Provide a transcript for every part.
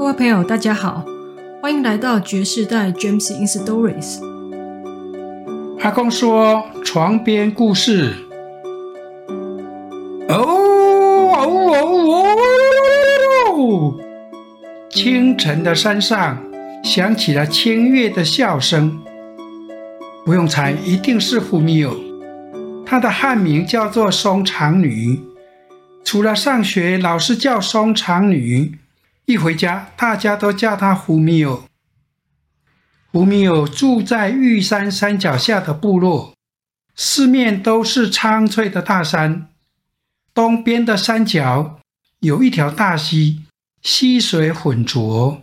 各位朋友，大家好，歡迎來到覺世代 Gems in Stories。阿公說床邊故事。哦哦哦哦！清晨的山上響起了清越的笑聲，不用猜，一定是忽米歐。她的漢名叫做松長女，除了上學，老師叫松長女。一回家，大家都叫他忽米歐。忽米歐住在玉山山腳下的部落，四面都是蒼翠的大山。東邊的山腳有一條大溪，溪水渾濁，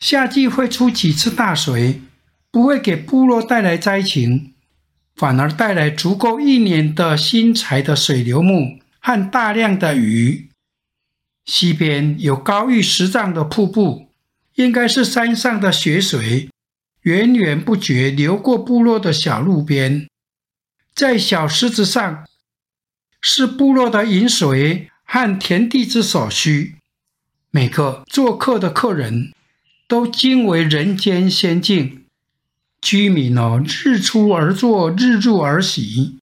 夏季會出幾次大水，不會給部落帶來災情，反而帶來足夠一年的薪柴的水流木和大量的魚。西邊有高逾十丈的瀑布，應該是山上的雪水，源源不絕流過部落的小路邊。在小石子上，是部落的飲水和田地之所需。每個做客的客人都驚為人間仙境。居民呢，日出而作，日入而息，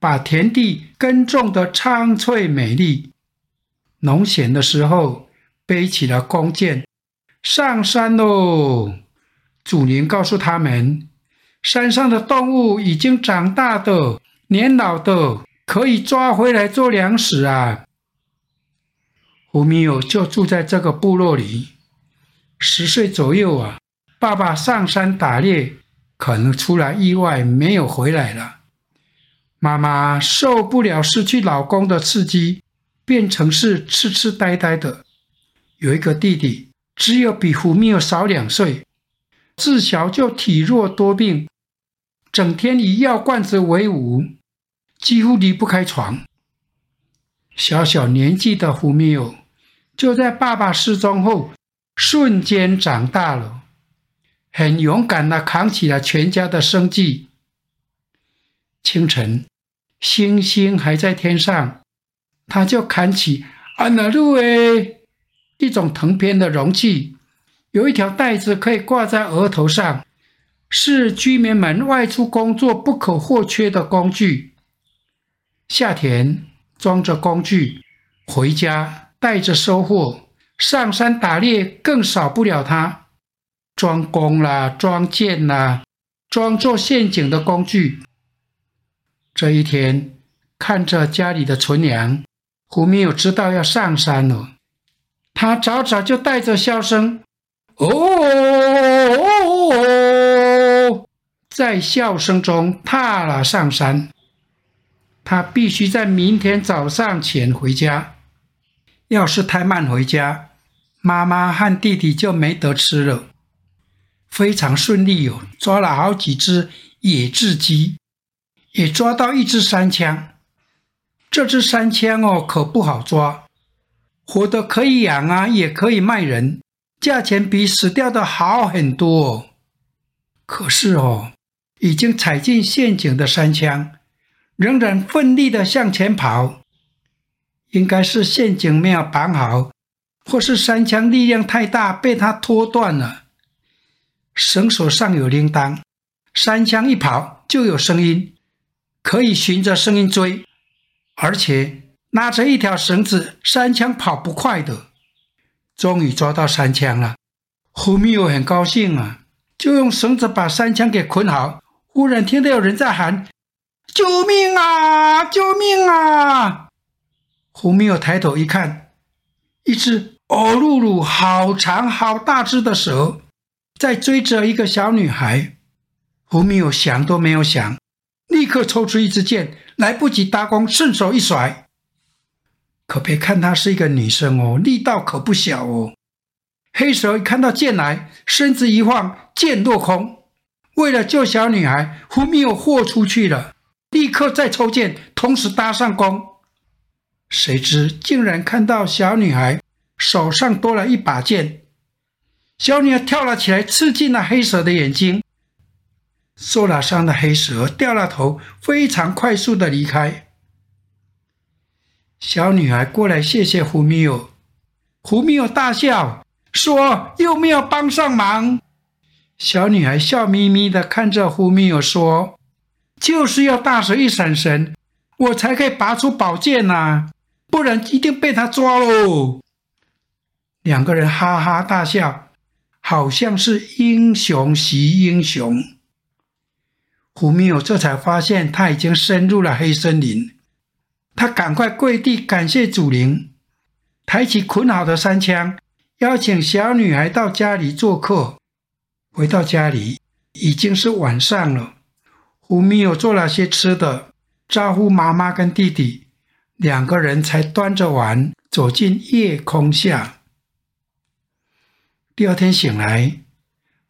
把田地耕種得蒼翠美麗。農閒的時候，背起了弓箭，上山嘍。祖靈告訴他們，山上的動物已經長大的、年老的，可以抓回來做糧食啊。忽米祐就住在這個部落裡，十歲左右啊。爸爸上山打獵，可能出了意外，沒有回來了。媽媽受不了失去老公的刺激。變成是痴痴呆呆的，有一個弟弟，只有比忽米祐少兩歲，自小就體弱多病，整天以藥罐子為伍，幾乎離不開床。小小年紀的忽米祐，就在爸爸失蹤後，瞬間長大了，很勇敢地扛起了全家的生計。清晨，星星還在天上。他就扛起安娜、啊、路野哎、欸、一種藤編的容器，有一條帶子可以掛在額頭上，是居民們外出工作不可或缺的工具。夏天裝着工具回家帶着收穫，上山打獵更少不了它，裝弓啦、啊，裝箭啦、啊，裝做陷阱的工具。這一天看着家裡的存糧。忽米祐知道要上山了，她早早就帶着笑聲，哦，哦，哦，哦，哦，哦，哦，哦，哦，在笑聲中踏了上山。她必須在明天早上前回家，要是太慢回家，媽媽和弟弟就沒得吃了。非常順利哦，抓了好幾隻野雉雞，也抓到一隻山羌。這隻山羌哦，可不好抓，活的可以養啊，也可以賣人，價錢比死掉的好很多哦。可是哦，已經踩進陷阱的山羌，仍然奮力地向前跑，應該是陷阱沒有綁好，或是山羌力量太大，被它拖斷了。繩索上有鈴鐺，山羌一跑就有聲音，可以循着聲音追。而且拉着一條繩子，山羌跑不快的。終於抓到山羌了，忽米祐很高興啊，就用繩子把山羌給捆好。忽然聽到有人在喊：“救命啊！救命啊！”忽米祐抬頭一看，一只哦嚕嚕，好長好大只的蛇在追着一個小女孩。忽米祐想都沒有想。立刻抽出一支箭，來不及搭弓，順手一甩。可別看她是一個女生哦，力道可不小哦。黑蛇一看到箭來，身子一晃，箭落空。為了救小女孩，忽米祐又豁出去了，立刻再抽箭，同時搭上弓。誰知竟然看到小女孩手上多了一把劍。小女孩跳了起來，刺進了黑蛇的眼睛。受了傷的黑蛇掉了頭，非常快速的離開。小女孩過來，謝謝忽米祐。忽米祐大笑說：“又沒有幫上忙。”小女孩笑眯眯的看着忽米祐說：“就是要大蛇一閃神，我才可以拔出寶劍吶、啊，不然一定被他抓嘍。”兩個人哈哈大笑，好像是英雄惜英雄。忽米祐這才發現他已經深入了黑森林，他趕快跪地感謝祖靈，抬起捆好的山羌，邀請小女孩到家裡做客。回到家裡已經是晚上了，忽米祐做了些吃的，招呼媽媽跟弟弟，兩個人才端着碗走進夜空下。第二天醒來。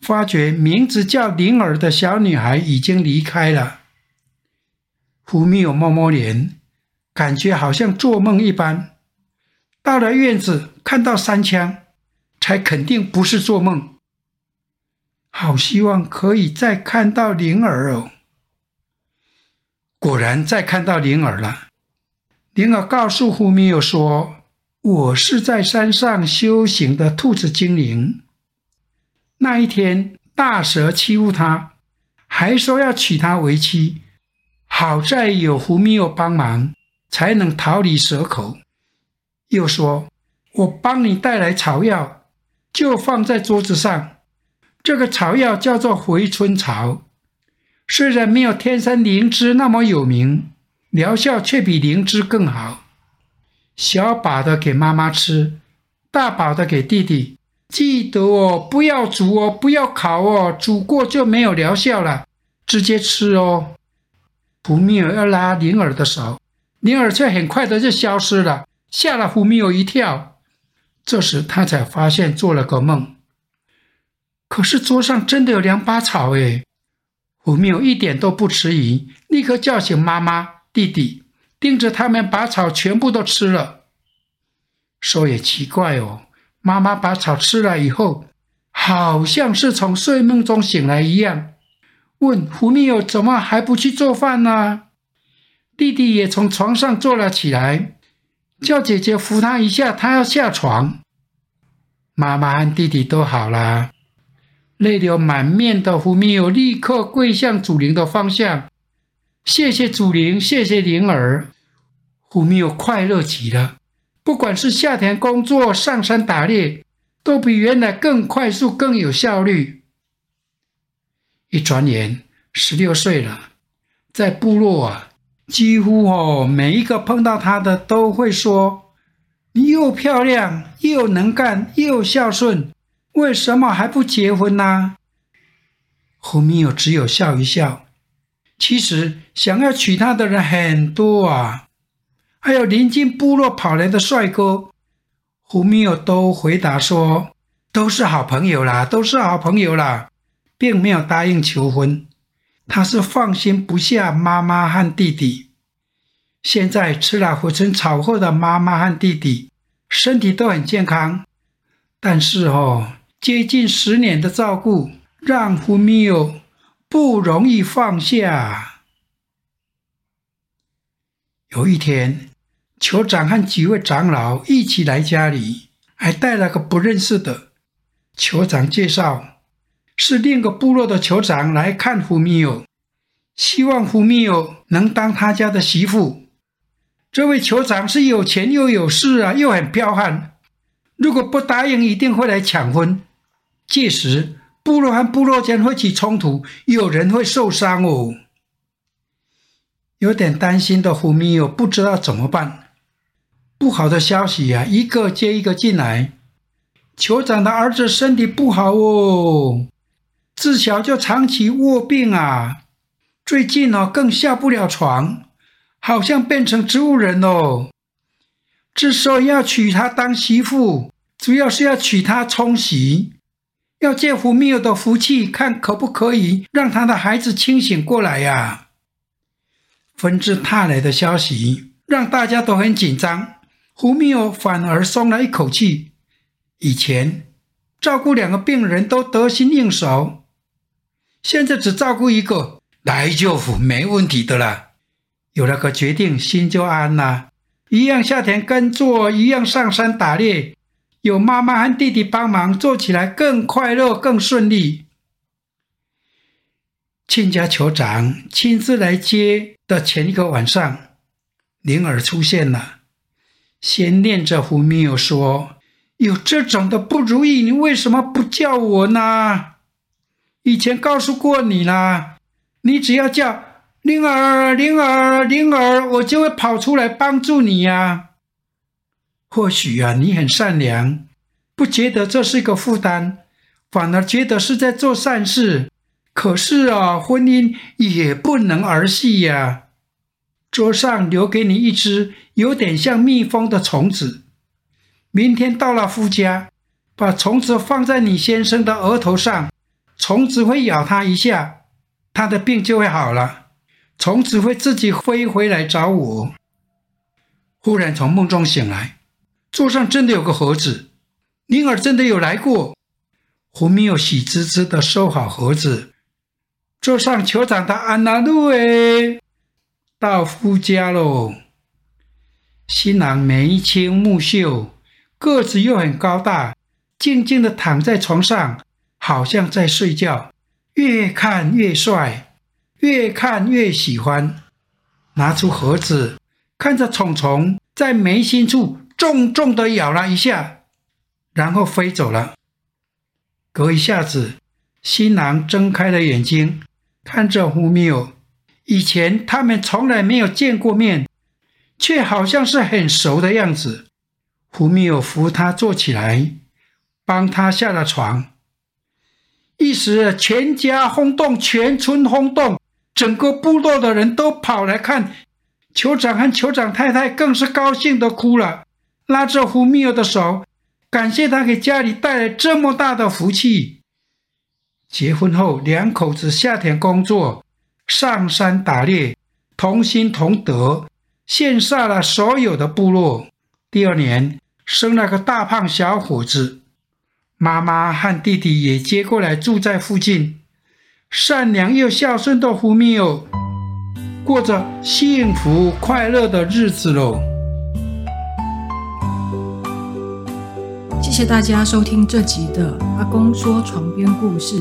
發覺名字叫靈兒的小女孩已經離開了，忽米祐摸摸臉，感覺好像做夢一般。到了院子，看到三槍，才肯定不是做夢。好希望可以再看到靈兒哦。果然，再看到靈兒了。靈兒告訴忽米祐說：“我是在山上修行的兔子精靈。”那一天，大蛇欺負他，還說要娶她為妻。好在有忽米祐幫忙，才能逃離蛇口。又說：“我幫你帶來草藥，就放在桌子上。這個草藥叫做回春草，雖然沒有天山靈芝那麼有名，療效卻比靈芝更好。小把的給媽媽吃，大把的給弟弟。”記得哦，不要煮哦，不要烤哦，煮過就沒有療效了，直接吃哦。忽米祐要拉靈兒的手，靈兒卻很快的就消失了，嚇了忽米祐一跳。這時他才發現做了個夢。可是桌上真的有兩把草誒。忽米祐一點都不遲疑，立刻叫醒媽媽、弟弟，盯着他們把草全部都吃了。說也奇怪哦。媽媽把草吃了以後，好像是從睡夢中醒來一樣，問忽米祐怎麼還不去做飯呢、啊？弟弟也從床上坐了起來，叫姐姐扶他一下，他要下床。媽媽和弟弟都好了，淚流滿面的忽米祐立刻跪向祖靈的方向，謝謝祖靈，謝謝靈兒。忽米祐快樂極了。不管是下田工作、上山打獵，都比原來更快速、更有效率。一轉眼，十六歲了，在部落啊，幾乎哦，每一個碰到他的都會說：“你又漂亮，又能幹，又孝順，為什麼還不結婚呢？”忽米祐只有笑一笑。其實，想要娶她的人很多啊。還有臨近部落跑來的帥哥，忽米祐都回答說：“都是好朋友啦，都是好朋友啦。並沒有答應求婚。他是放心不下媽媽和弟弟。現在吃了火村草後的媽媽和弟弟，身體都很健康。但是哦，接近十年的照顧，讓忽米祐不容易放下。有一天。”酋長和幾位長老一起來家裡，還帶了個不認識的。酋長介紹，是另一個部落的酋長來看忽米歐，希望忽米歐能當他家的媳婦。這位酋長是有錢又有勢啊，又很彪悍，如果不答應，一定會來搶婚。屆時，部落和部落間會起衝突，有人會受傷哦。有點擔心的忽米歐不知道怎麼辦。不好的消息呀、啊，一個接一個進來。酋長的兒子身體不好哦，自小就長期臥病啊，最近呢、哦、更下不了床，好像變成植物人嘍、哦。之所以要娶她當媳婦，主要是要娶她沖喜，要借忽米祐的福氣，看可不可以讓她的孩子清醒過來呀、啊？紛至沓來的消息讓大家都很緊張。忽米祐反而鬆了一口氣。以前照顧兩個病人都得心應手，現在只照顧一個，來就服，沒問題的了。有了個決定，心就安了。一樣下田耕作，一樣上山打獵，有媽媽和弟弟幫忙，做起來更快樂，更順利。親家酋長親自來接的前一個晚上，靈兒出現了。先念着忽米祐說：“有這種的不如意，你為什麼不叫我呢？以前告訴過你啦，你只要叫靈兒、靈兒、靈兒，我就會跑出來幫助你呀、啊。或許啊，你很善良，不覺得這是一個負擔，反而覺得是在做善事。可是啊，婚姻也不能兒戲呀、啊。”桌上留給你一隻有點像蜜蜂的蟲子。明天到了夫家，把蟲子放在你先生的額頭上，蟲子會咬他一下，他的病就會好了。蟲子會自己飛回來找我。忽然從夢中醒來，桌上真的有個盒子，靈兒真的有來過。忽米祐喜滋滋地收好盒子，桌上酋長的安娜路野、欸。到夫家嘍。新郎眉清目秀，個子又很高大，靜靜地躺在床上，好像在睡覺。越看越帥，越看越喜歡。拿出盒子，看着蟲蟲在眉心處重重的咬了一下，然後飛走了。隔一下子，新郎睜開了眼睛，看着忽米歐。以前他們從來沒有見過面，卻好像是很熟的樣子。忽米歐扶他坐起來，幫他下了床。一時，全家轟動，全村轟動，整個部落的人都跑來看。酋長和酋長太太更是高興得哭了，拉着忽米歐的手，感謝他給家裡帶來這麼大的福氣。結婚後，兩口子下田工作。上山打獵，同心同德，羨煞了所有的部落。第二年生了個大胖小伙子，媽媽和弟弟也接過來住在附近。善良又孝順的忽米歐，過着幸福快樂的日子嘍。謝謝大家收聽這集的阿公說床邊故事。